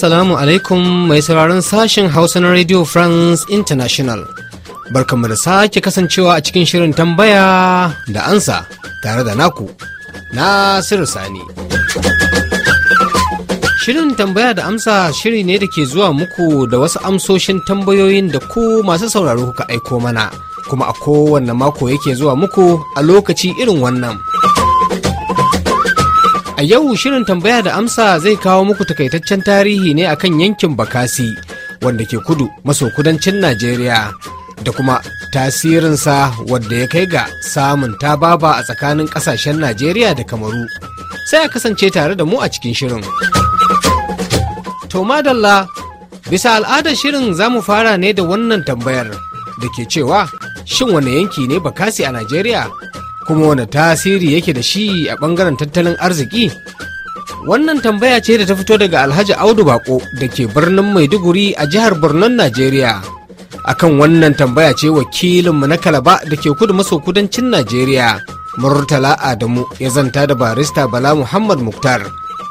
Assalamu alaikum mai sauraron sashen Hausa na Radio France International. Barkanmu da sake kasancewa a cikin shirin tambaya da ansa tare da naku, Nasiru Sani. Shirin tambaya da amsa shiri ne da ke zuwa muku da wasu amsoshin tambayoyin da ku masu sauraro kuka aiko mana, kuma a kowanne mako yake zuwa muku a lokaci irin wannan. A yau shirin tambaya da amsa zai kawo muku takaitaccen tarihi ne akan yankin Bakasi wanda ke kudu maso kudancin Najeriya da kuma tasirinsa wadda ya kai ga samun tababa a tsakanin kasashen Najeriya da Kamaru. Sai a kasance tare da mu a cikin shirin. To madalla, bisa al'adar shirin za mu fara ne da wannan tambayar da ke cewa shin wane yanki ne Bakasi a Najeriya? kuma wani tasiri yake da shi a ɓangaren tattalin arziki wannan tambaya ce da ta fito daga alhaji audu bako da ke birnin maiduguri a jihar birnin najeriya akan wannan tambaya ce wakilinmu na kalaba da ke kudu maso kudancin najeriya murtala adamu ya zanta da barista bala muhammad muktar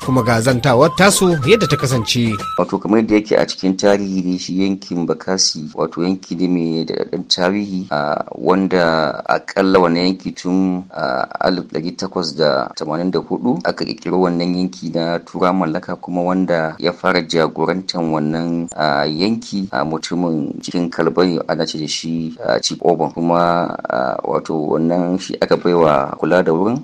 kuma ga zantawar tasu yadda ta kasance. Wato kamar yadda yake a cikin tarihi ne shi yankin Bakasi wato yanki ne mai daɗaɗɗen tarihi wanda akalla wannan yanki tun a alif ɗari takwas da tamanin da hudu aka ƙirƙiro wannan yanki na tura mallaka kuma wanda ya fara jagorantar wannan yanki a mutumin cikin kalbari ana ce da shi chief oban kuma wato wannan shi aka baiwa kula da wurin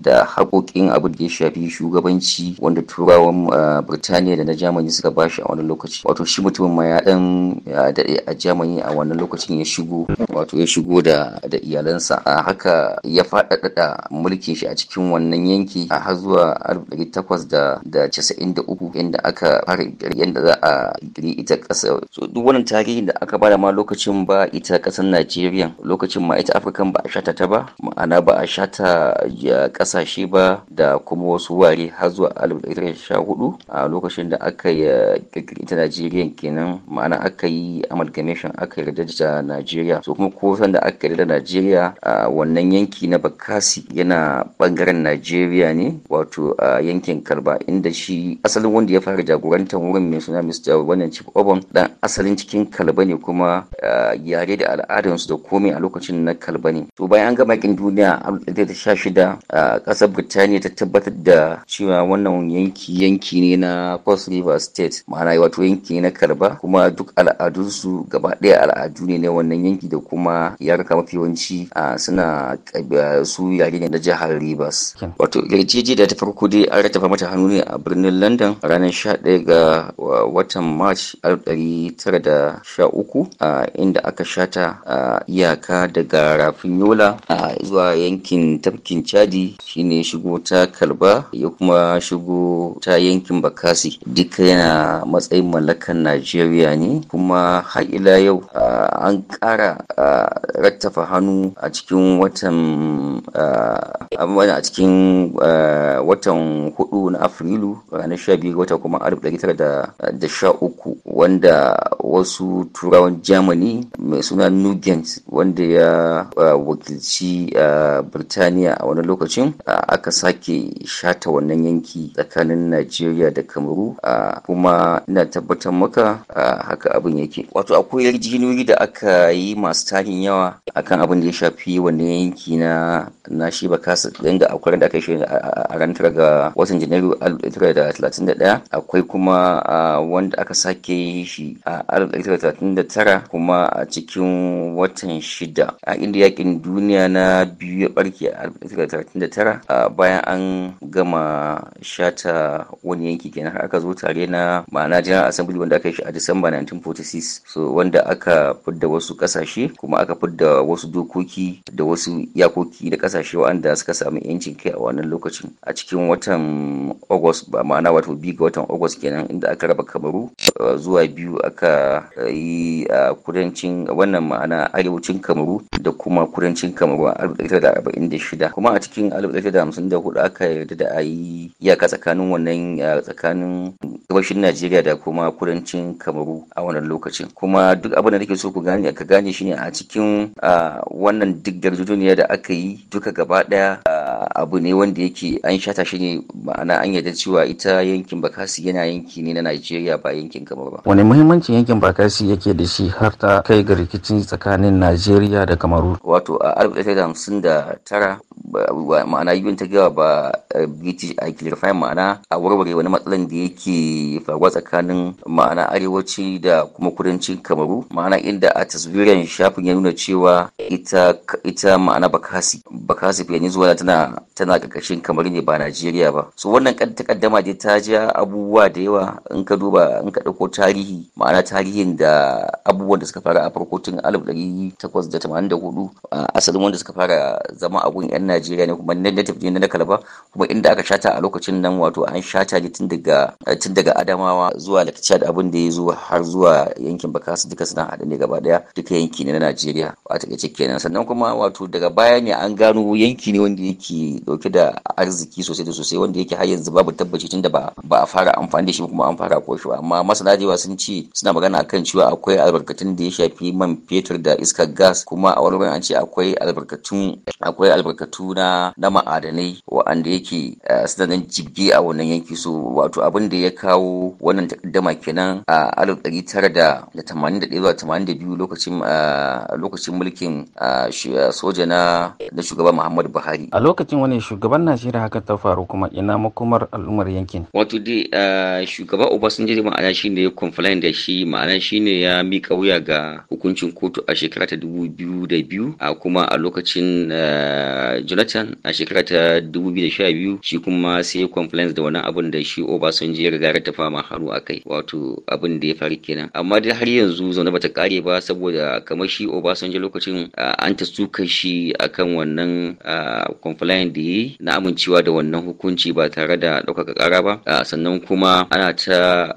da haƙoƙin abin da ya shafi shugabanci wanda turawan ah, Birtaniya da na jamani suka bashi a wani lokaci wato shi mutumin ma ya dan daɗe a jamani a wannan lokacin ya shigo wato ya shigo da da iyalansa a haka ya faɗaɗa mulkin shi a cikin wannan yanki a har zuwa 1893 inda aka fara yadda za a ita ƙasa so duk wannan tarihin da aka bada ma lokacin ba ita ƙasar Najeriya lokacin ma ita african ba a shata ta ba ma'ana ba a shata ƙasashe ba da kuma wasu wari har zuwa 1914 a lokacin da aka yi eh, ta Najeriya kenan ma'ana aka yi amalgamation aka yarda da Najeriya so kuma ko san da aka yarda da Najeriya a wannan yanki na Bakasi yana bangaren Najeriya ne wato a yankin Kalba inda shi asalin wanda ya fara jagorantar wurin mai suna Mr. wannan Chief Obon dan asalin cikin Kalba ne kuma yare da al'adarsu da komai a lokacin na Kalba ne to bayan an gama kin duniya a 1916 ƙasar Birtaniya ta tabbatar da cewa wannan Town yanki yanki ne na Cross River State ma'ana wato yanki ne na Karba kuma duk al'adunsu gaba ɗaya al'adu ne na wannan yanki da kuma ya yaruka mafi yawanci suna su yare ne na jihar Rivers. Wato da ta farko dai an rataba mata hannu ne a birnin London ranar 11 ga watan March 1913 inda aka shata a iyaka daga rafin Yola zuwa yankin tafkin Chadi shine shigo ta Kalba ya kuma shigo shigo ta yankin bakasi duka yana matsayin mallakan najeriya ne kuma haƙila yau an ƙara rattafa hannu a cikin watan a cikin watan hudu na afrilu ranar sha biyu wata kuma alif ɗari tara da sha uku wanda wasu turawan germany mai suna nugent wanda ya wakilci birtaniya a wani lokacin aka sake shata wannan yanki tsakanin Najeriya da Kamaru a kuma ina tabbatar maka haka abin yake wato akwai yarjejeniyoyi da aka yi masu tarin yawa akan abin da ya shafi wannan yanki na na shi ba kasa da akwai da aka shi a ran tara ga watan Janairu 1931 akwai kuma wanda aka sake yi shi a 1939 kuma a cikin watan shida a inda yakin duniya na biyu ya barke a 1939 bayan an gama sha ta wani yanki kenan har aka zo tare na ma'ana jiran assembly wanda aka yi shi a disamba 1946 so wanda aka fidda wasu kasashe kuma aka fidda wasu dokoki da wasu iyakoki da kasashe wanda suka samu yancin kai a wannan lokacin a cikin watan august ba ma'ana wato biyu ga watan august kenan inda aka raba kamaru uh, zuwa biyu aka uh, yi a uh, kudancin wannan ma'ana arewacin kamaru da kuma kudancin kamaru a 1946 kuma a cikin 1954 aka yarda da a yi iyaka tsakanin wannan eh, tsakanin gabashin Najeriya da kuma kudancin Kamaru a wannan lokacin kuma duk abin da nake so ku gane ka gane shine a cikin wannan duk garjuduniya da aka yi duka gaba daya abu ne wanda yake an shata shi ne ma'ana an yarda cewa ita yankin Bakasi yana yanki ne na Najeriya ba yankin Kamaru ba wani muhimmancin yankin Bakasi yake da shi har ta kai ga rikicin tsakanin Najeriya da Kamaru wato a 1959 ma'ana UN ta gaba ba eh, British a clarify ma'ana a warware wani matsalan da yake faruwa tsakanin ma'ana arewaci da kuma kudancin Kamaru ma'ana inda a taswiran shafin ya nuna cewa ita ita ma'ana Bakasi Bakasi Peninsula tana tana karkashin Kamaru ne ba Najeriya ba so wannan takaddama dai ta ja abubuwa da yawa in ka duba in ka dauko tarihi ma'ana tarihin da abubuwan da suka fara a farko tun 1884 asalin wanda suka fara zama abun yan najeriya ne kuma native ne na kalaba kuma inda aka shata a lokacin nan wato an shata ne tun daga tun daga adamawa zuwa lakciya da abin da ya zo har zuwa yankin bakasu duka suna haɗe ne gaba daya duka yanki ne na najeriya a takaice kenan sannan kuma wato daga baya ne an gano yanki ne wanda yake dauke da arziki sosai da sosai wanda yake har yanzu babu tabbaci tun da ba a fara amfani da shi kuma an fara koshewa amma masana da sun ce suna magana akan cewa akwai albarkatun da ya shafi man fetur da iskar gas kuma a wani an ce akwai albarkatun akwai albarkatu juna na ma'adanai wa'anda yake eh, suna nan jibge a wannan yanki so wato abin da ya kawo wannan takaddama kenan a alif ɗari tara da tamanin da ɗaya zuwa tamanin da biyu lokacin eh, lokacin mulkin eh, soja na na shugaban muhammadu buhari a lokacin wani shugaban najeriya haka ta faru kuma ina makomar al'ummar yankin wato dai shugaba obasanjo da ma'ana ne ya complain da shi ma'ana ne ya miƙa wuya ga hukuncin kotu a shekara ta dubu biyu da biyu a kuma a lokacin jonathan a shekara ta 2012 shi kuma sai complaints da wani abin da shi obasanjo ya riga ta fama hannu a kai wato abin da ya faru kenan amma dai har yanzu zaune bata kare ba saboda kamar shi obasanjo lokacin an ta suka shi akan wannan complaint da na amincewa da wannan hukunci ba tare da ɗaukaka ƙara ba sannan kuma ana ta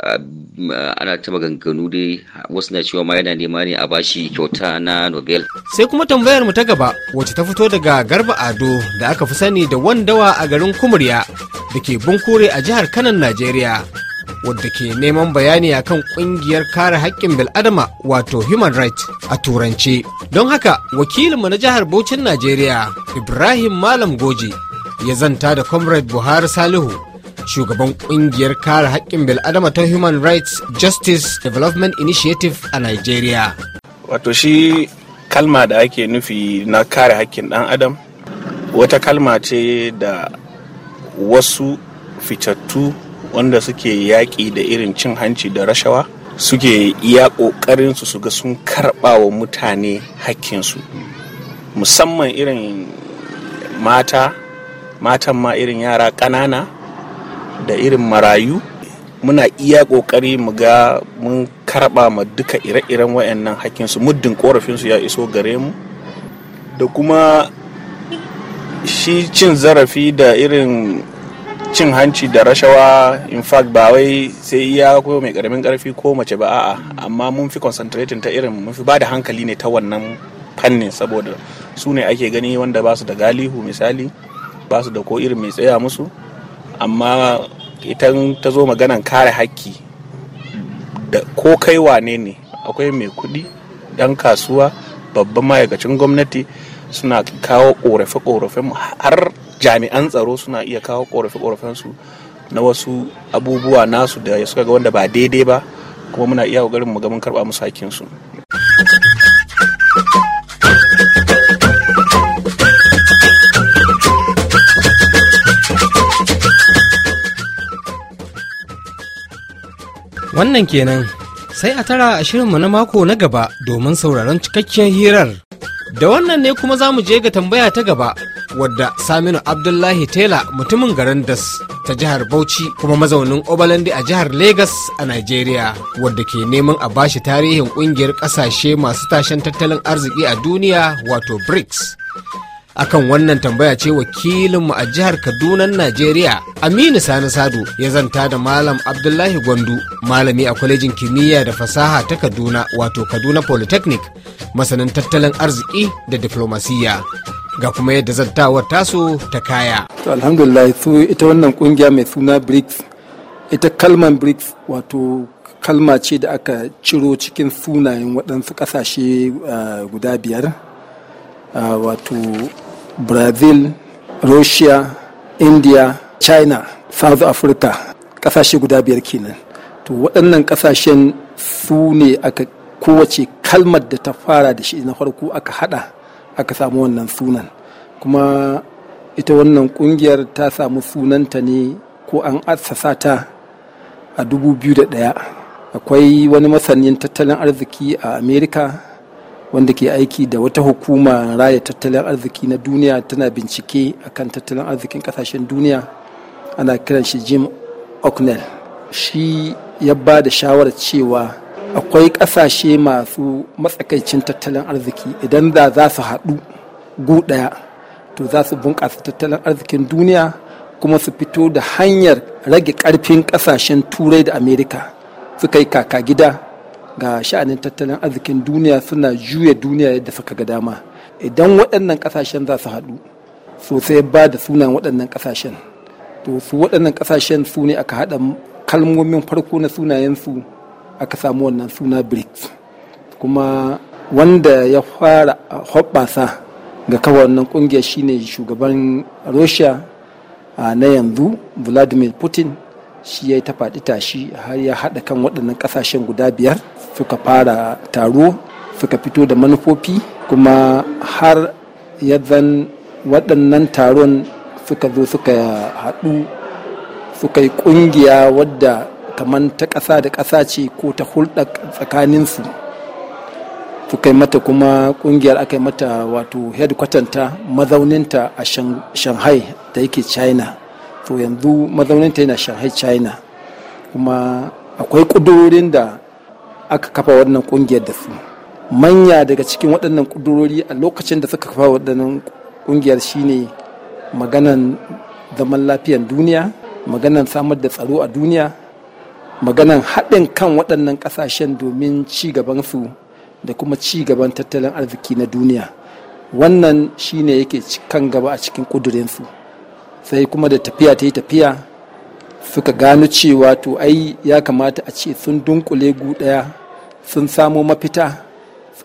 ana ta maganganu dai wasu na cewa ma yana nema ne a bashi kyauta na nobel sai kuma tambayar mu ta gaba wacce ta fito daga garba ado da aka fi sani da wandawa a garin kumurya da ke bunkure a jihar kanan najeriya wadda ke neman bayani kan kungiyar kare haƙƙin bil'adama wato human rights a turance don haka wakilinmu na jihar Bauchin najeriya ibrahim malam goji ya zanta da comrade buhari salihu shugaban ƙungiyar kare haƙƙin bil'adama ta human rights justice development initiative a nigeria wato shi kalma da ake nufi na kare haƙƙin ɗan adam wata kalma ce da wasu fitattu wanda suke yaƙi da irin cin hanci da rashawa suke iya ƙoƙarin su ga sun karɓa wa mutane hakkinsu musamman irin mata matan ma irin yara ƙanana da irin marayu muna iya ƙoƙari mu ga mun karɓa ma duka ire-iren wayannan hakkinsu muddin ƙorafinsu ya iso gare mu da kuma shi cin zarafi da irin cin hanci da rashawa in fact ba wai sai iya ko mai karamin karfi ko mace ba a'a amma mun fi concentrating ta irin mun fi bada hankali ne ta wannan fannin saboda su ne ake gani wanda ba su da galihu misali ba su da ko irin mai tsaya musu amma ita ta zo maganan kare hakki da ko kai wane ne akwai mai kuɗi dan kasuwa babban ma'aikacin gwamnati suna kawo korafe-korafen har jami'an tsaro suna iya kawo korafe-korafen su na wasu abubuwa nasu da suka ga wanda ba daidai ba kuma muna iya kokarin mu ga mun karba musu hakkin su wannan kenan sai a tara a shirinmu na mako na gaba domin sauraron cikakken hirar. Da wannan ne kuma za mu je ga tambaya ta gaba wadda Saminu Abdullahi Tela mutumin garin Das ta jihar Bauchi kuma mazaunin Obalandi a jihar Legas a Najeriya wadda ke neman a bashi tarihin kungiyar kasashe masu tashen tattalin arziki a duniya wato BRICS akan wannan tambaya ce wakilinmu a jihar kaduna najeriya aminu sani sadu ya zanta da malam abdullahi gwandu malami a kwalejin kimiyya da fasaha ta kaduna wato kaduna polytechnic masanin tattalin arziki da diflomasiyya ga kuma yadda zantawar taso ta kaya alhamdulillah ita wannan kungiya mai suna brics ita kalman brics wato kalma ce da aka ciro cikin sunayen waɗansu ƙasashe ah, guda biyar Uh, wato brazil russia india china south africa kasashe guda biyar kenan to waɗannan kasashen su ne aka kowace kalmar da ta fara da shi na farko aka hada aka samu wannan sunan kuma ita wannan kungiyar ta samu sunanta ne ko an assasa ta a 2001 akwai wani masanin tattalin arziki a amerika. wanda ke aiki da wata hukuma raya tattalin arziki na duniya tana bincike akan tattalin arzikin kasashen duniya ana kiran shi jim O'Connell. shi ya ba da shawarar cewa akwai kasashe masu matsakaicin tattalin arziki idan da za su haɗu gu to za su bunƙasa tattalin arzikin duniya kuma su fito da hanyar rage ƙarfin ƙasashen turai da amerika suka yi kaka gida ga sha'anin tattalin arzikin duniya suna juya duniya yadda suka ga dama idan waɗannan ƙasashen za su haɗu sosai ba da sunan waɗannan ƙasashen to su waɗannan ƙasashen su ne aka haɗa kalmomin farko na sunayensu aka samu wannan suna brics kuma wanda ya fara hoɓɓasa ga kawai wannan ƙungiyar shine shugaban russia na yanzu vladimir putin shi ya yi ta faɗi tashi har ya haɗa kan waɗannan ƙasashen guda biyar suka fara taro suka fito da manufofi kuma har yadda waɗannan taron suka zo suka haɗu suka yi ƙungiya wadda kamar ta ƙasa da ƙasa ce ko ta hulɗa tsakaninsu suka yi mata kuma ƙungiyar aka yi mata wato ta mazauninta a shanghai da yake china to yanzu mazauninta yana shanghai china kuma akwai ƙudurorin da aka kafa wannan kungiyar da su manya daga cikin waɗannan kudurori a lokacin da suka kafa waɗannan kungiyar shine maganan zaman lafiyar duniya maganan samar da tsaro a duniya maganan haɗin kan waɗannan ƙasashen domin ci gabansu da kuma ci gaban tattalin arziki na duniya wannan shine yake kan gaba a cikin ƙudurinsu sai kuma da tafiya ta yi tafiya suka gano cewa to ai ya kamata a ce sun dunkule gu ɗaya sun samo mafita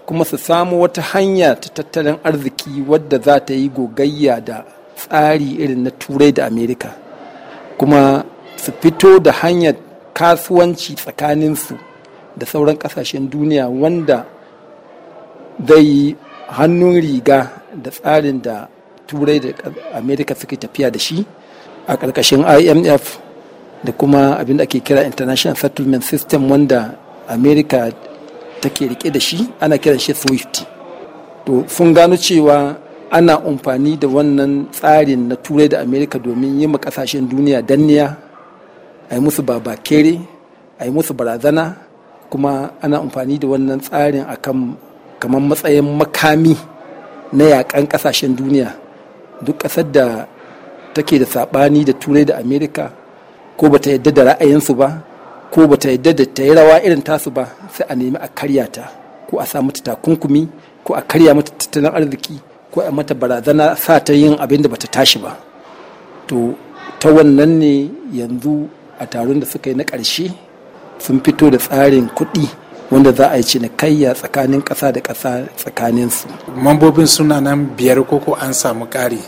kuma su samo wata hanya ta tattalin arziki wadda za ta yi gogayya da tsari irin na turai da amerika kuma su fito da hanyar kasuwanci tsakaninsu da sauran kasashen duniya wanda zai yi hannun riga da tsarin da turai da amerika suke tafiya da shi a ƙarƙashin imf da kuma abin da ake kira international settlement system wanda amerika. take rike da shi ana kiran shi swift to sun gano cewa ana amfani da wannan tsarin na turai da amerika domin yi ma kasashen duniya danniya a yi musu babakere a yi musu barazana kuma ana amfani da wannan tsarin akan kamar matsayin makami na yakan kasashen duniya duk ƙasar da take da saɓani da turai da amerika ko bata yadda da ra'ayinsu ba ko bata yadda da ta yi rawa irin tasu ba sai a nemi a karya ta ko a sa mata takunkumi ko a karya mata tattalin arziki ko a mata barazana sa ta yin abin da bata tashi ba to ta wannan ne yanzu a taron da suka yi na ƙarshe sun fito da tsarin kuɗi wanda za a yi cinikayya tsakanin ƙasa da ƙasa tsakanin su. Mambobin suna nan biyar koko an samu ƙari.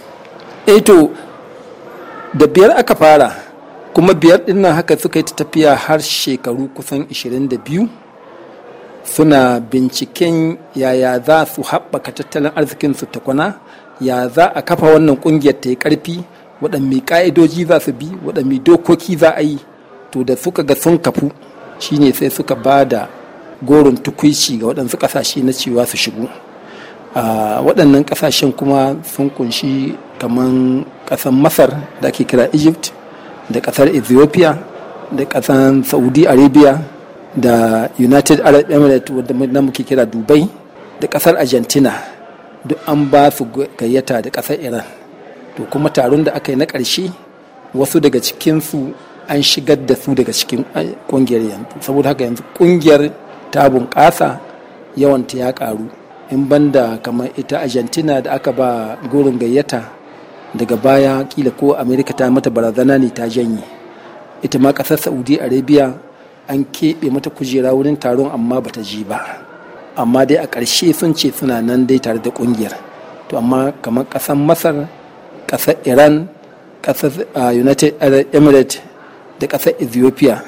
Eto eh da biyar aka fara kuma biyar din nan haka suka yi ta tafiya har shekaru kusan 22 suna binciken yaya za su haɓaka tattalin arzikin arzikinsu takwana ya za a kafa wannan ƙungiyar ta yi ƙarfi waɗanne ƙa'idoji za su bi waɗanne dokoki za a yi to da suka ga sun kafu shine sai suka ba da goron tukwici ga waɗansu ƙasashe na cewa su shigo waɗannan ƙasashen kuma sun kunshi kamar ƙasar masar da ake kira egypt da ƙasar ethiopia da ƙasar saudi arabia da united arab emirates wadda na muke kira dubai da ƙasar argentina duk an ba su gayyata da ƙasar iran to kuma taron da aka yi na ƙarshe wasu daga cikinsu an shigar da su daga cikin ƙungiyar yanzu saboda haka yanzu ƙungiyar ta bunƙasa yawanta ya ƙaru in banda kamar ita argentina da aka ba gurin gayyata daga baya kila ko amerika ta mata barazana ne ta janye ita ma kasar saudi arabia an keɓe mata kujera wurin taron amma ba ta ji ba amma dai a ƙarshe sun ce suna nan dai tare da ƙungiyar to amma kamar ƙasar masar ƙasar iran ƙasar united arab emirates da ƙasar ethiopia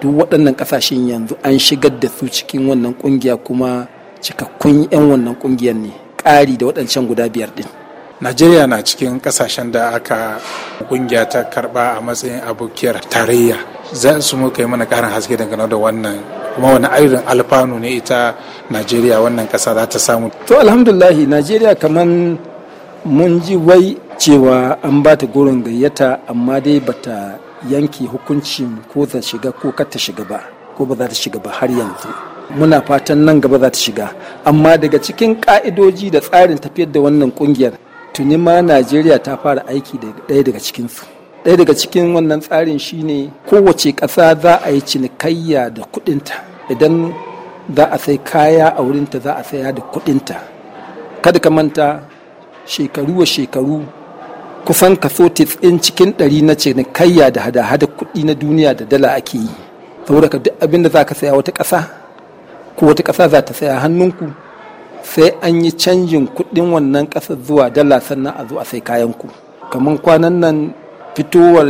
duk waɗannan ƙasashen yanzu an shigar da su cikin wannan ƙungiya kuma cikakkun 'yan wannan ƙungiyar ne ƙari da waɗancan guda biyar ɗin najeriya na cikin kasashen da aka kungiya ta karba a matsayin abokiyar tarayya za su mu kai mana karin haske dangane da wannan kuma wani irin alfanu ne ita najeriya wannan kasa za ta samu to alhamdulahi najeriya kaman mun ji wai cewa an ba ta gurin gayyata amma dai bata yanke hukuncin ko ta shiga ko kar ta shiga ba ko ba za ta shiga ba har yanzu muna fatan nan gaba za ta shiga amma daga cikin ka'idoji da tsarin tafiyar da wannan kungiyar tuni ma najeriya ta fara aiki ɗaya daga cikinsu ɗaya daga cikin wannan tsarin shine kowace ƙasa za a yi cinikayya da kuɗinta idan za a sai kaya a wurinta za a saya da kuɗinta kada ka manta shekaru wa shekaru kusan kaso 90 cikin ɗari na cinikayya da hada-hada kuɗi na duniya da dala ake yi saboda ka duk abinda da za ka saya wata ƙasa ko wata ƙasa za ta saya hannunku sai an yi canjin kuɗin wannan ƙasa zuwa dala sannan a zo a sai kayan ku kamar kwanan nan fitowar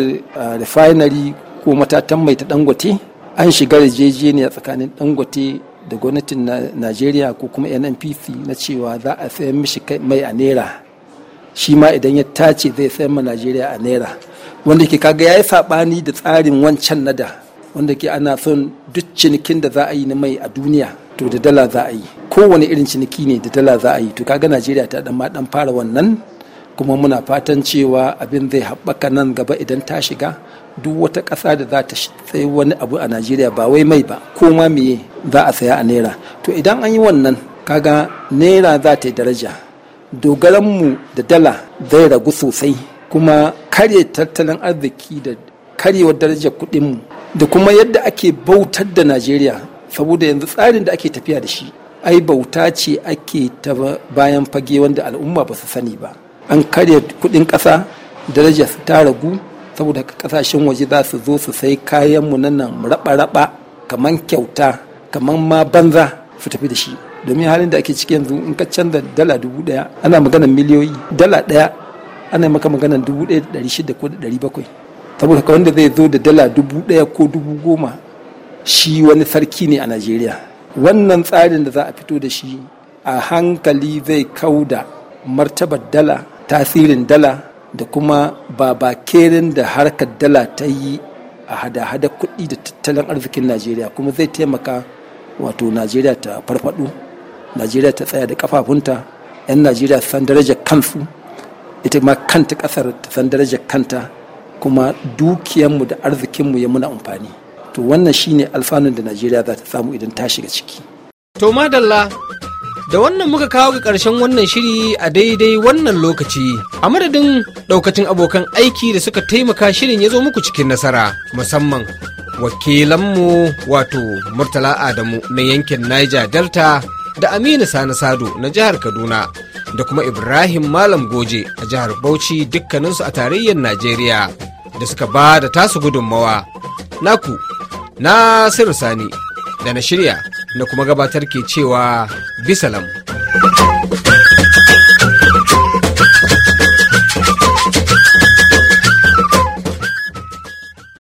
refinery ko matatan mai ta dangote an shiga yarjejeniya tsakanin dangote da gwamnatin najeriya ko kuma nnpc na cewa za a sayan mishi mai a naira shi ma idan ya tace zai sayan ma najeriya a naira wanda ke kaga ya yi saɓani da tsarin wancan nada wanda ke ana son duk cinikin da za a yi na mai a duniya to da dala za a yi kowane irin ciniki ne da dala za a yi to kaga najeriya ta dan ma dan fara wannan kuma muna fatan cewa abin zai haɓaka nan gaba idan ta shiga duk wata ƙasa da za ta sai wani abu a najeriya ba wai mai ba ko ma meye za a saya a naira to idan an yi wannan kaga naira za ta yi daraja dogaranmu da dala zai ragu sosai kuma karye tattalin arziki da karyewar darajar kuɗinmu da kuma yadda ake bautar da najeriya saboda yanzu tsarin da ake tafiya da shi ai bauta ce ake ta bayan fage wanda al'umma ba su sani ba an karya kudin ƙasa daraja su ta ragu saboda kasashen waje za su zo su sai kayan mu nan raba-raba kaman kyauta kaman ma banza su tafi da shi domin halin da ake ciki yanzu in ka canza dala dubu daya ana maganar miliyoyi dala daya ana maka maganar dubu daya da dari shida ko da dari bakwai saboda ka wanda zai zo da dala dubu daya ko dubu goma shi wani sarki ne a najeriya wannan tsarin da za a fito da shi a hankali zai kauda martabar dala tasirin dala da kuma babakerin da harkar dala ta yi a hada-hada kuɗi da tattalin arzikin najeriya kuma zai taimaka wato najeriya ta farfado najeriya ta tsaya da kafafunta 'yan najeriya san darajar kansu ita ma kanta kasar ta san darajar kanta kuma dukiyarmu da arzikinmu ya muna amfani to wannan shine alfanun da najeriya za ta samu idan ta shiga ciki to madalla da wannan muka kawo ga karshen wannan shiri a daidai wannan lokaci a madadin ɗaukacin abokan aiki da suka taimaka shirin ya zo muku cikin nasara musamman wakilanmu wato murtala adamu na yankin niger delta da aminu sani sado na jihar kaduna da kuma ibrahim malam goje a jihar bauchi dukkaninsu a tarayyar najeriya da suka ba da tasu gudunmawa naku Na Nasiru Sani da na shirya na kuma gabatar ke cewa bisalam.